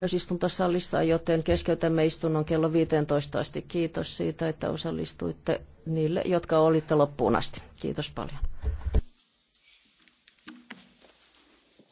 täysistuntosalissa, joten keskeytämme istunnon kello 15 asti. Kiitos siitä, että osallistuitte niille, jotka olitte loppuun asti. Kiitos paljon.